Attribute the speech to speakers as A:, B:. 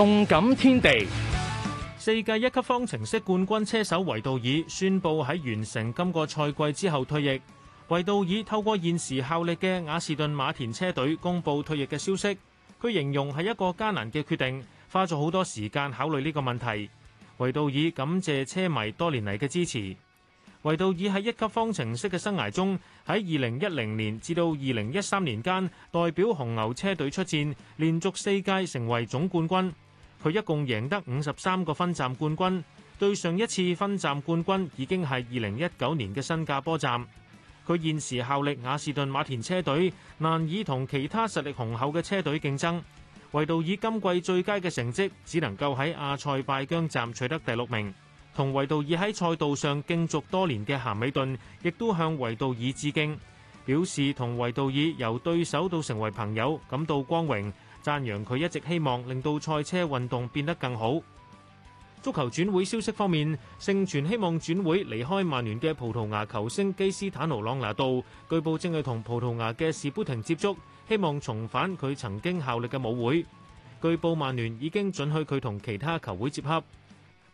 A: 動感天地，四屆一級方程式冠軍車手維度爾宣布喺完成今個賽季之後退役。維度爾透過現時效力嘅雅士頓馬田車隊公布退役嘅消息。佢形容係一個艱難嘅決定，花咗好多時間考慮呢個問題。維度爾感謝車迷多年嚟嘅支持。維度爾喺一級方程式嘅生涯中，喺二零一零年至到二零一三年間，代表紅牛車隊出戰，連續四屆成為總冠軍。佢一共贏得五十三個分站冠軍，對上一次分站冠軍已經係二零一九年嘅新加坡站。佢現時效力雅士頓馬田車隊，難以同其他實力雄厚嘅車隊競爭。維度爾今季最佳嘅成績只能夠喺亞塞拜疆站取得第六名。同維度爾喺賽道上競逐多年嘅咸美頓，亦都向維度爾致敬，表示同維度爾由對手到成為朋友感到光榮。讚揚佢一直希望令到賽車運動變得更好。足球轉會消息方面，盛傳希望轉會離開曼聯嘅葡萄牙球星基斯坦奴·朗拿度，據報正係同葡萄牙嘅士砵亭接觸，希望重返佢曾經效力嘅母會。據報曼聯已經准許佢同其他球會接洽。